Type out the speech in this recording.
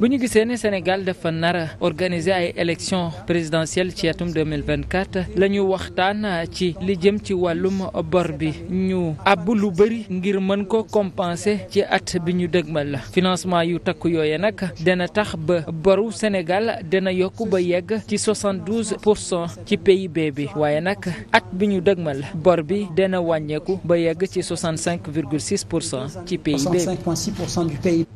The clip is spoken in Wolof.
bu ñu gisee ne Sénégal dafa nar a organiser ay élections présidentielles ci atum 2024 la ñu waxtaan ci li jëm ci wàllum bor bi ñu àbb lu bëri ngir mën ko compenser ci at bi ñu dëgmal la financement yu takk yooye nag dana tax ba boru Sénégal dana yokk ba yegg ci 72 pour cent ci PIB bi waaye nag at bi ñu dëgmal bor bi dana wàññeeku ba yegg ci 65 virgule 6 pour cent ci PIB bi.